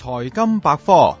財金百科。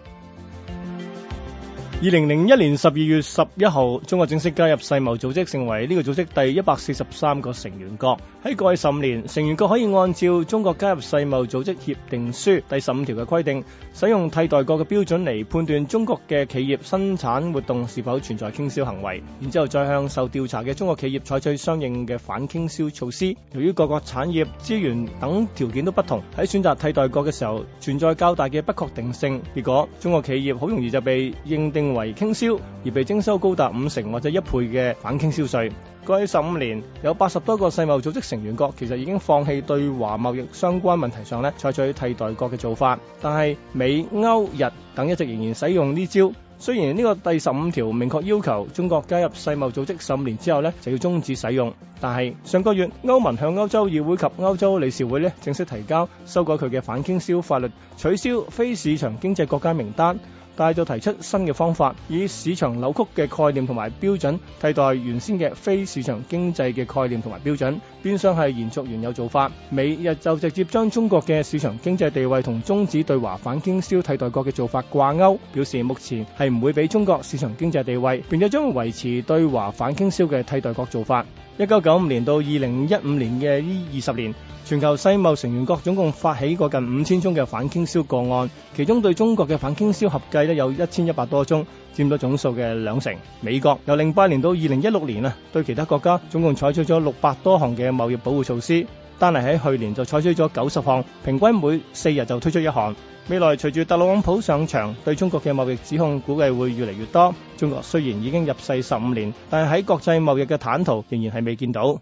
二零零一年十二月十一號，中國正式加入世貿組織，成為呢個組織第一百四十三個成員國。喺過去十五年，成員國可以按照中國加入世貿組織協定書第十五條嘅規定，使用替代國嘅標準嚟判斷中國嘅企業生產活動是否存在傾銷行為，然之後再向受調查嘅中國企業採取相應嘅反傾銷措施。由於各個產業資源等條件都不同，喺選擇替代國嘅時候存在較大嘅不確定性。結果中國企業好容易就被認定。為傾銷而被徵收高達五成或者一倍嘅反傾銷稅。過去十五年，有八十多個世貿組織成員國其實已經放棄對華貿易相關問題上咧採取替代國嘅做法，但係美歐日等一直仍然使用呢招。雖然呢個第十五條明確要求中國加入世貿組織十五年之後咧就要終止使用，但係上個月歐盟向歐洲議會及歐洲理事會咧正式提交修改佢嘅反傾銷法律，取消非市場經濟國家名單。但係就提出新嘅方法，以市場扭曲嘅概念同埋標準替代原先嘅非市場經濟嘅概念同埋標準。變相係延續原有做法。美日就直接將中國嘅市場經濟地位同終止對華反傾銷替代國嘅做法掛鈎，表示目前係唔會俾中國市場經濟地位，並且將維持對華反傾銷嘅替代國做法。一九九五年到二零一五年嘅呢二十年，全球世貿成員國總共發起過近五千宗嘅反傾銷個案，其中對中國嘅反傾銷合計咧有一千一百多宗，佔到總數嘅兩成。美國由零八年到二零一六年啊，對其他國家總共採取咗六百多項嘅貿易保護措施，單係喺去年就採取咗九十項，平均每四日就推出一項。未來隨住特朗普上場，對中國嘅貿易指控，估計會越嚟越多。中國雖然已經入世十五年，但係喺國際貿易嘅坦途仍然係未見到。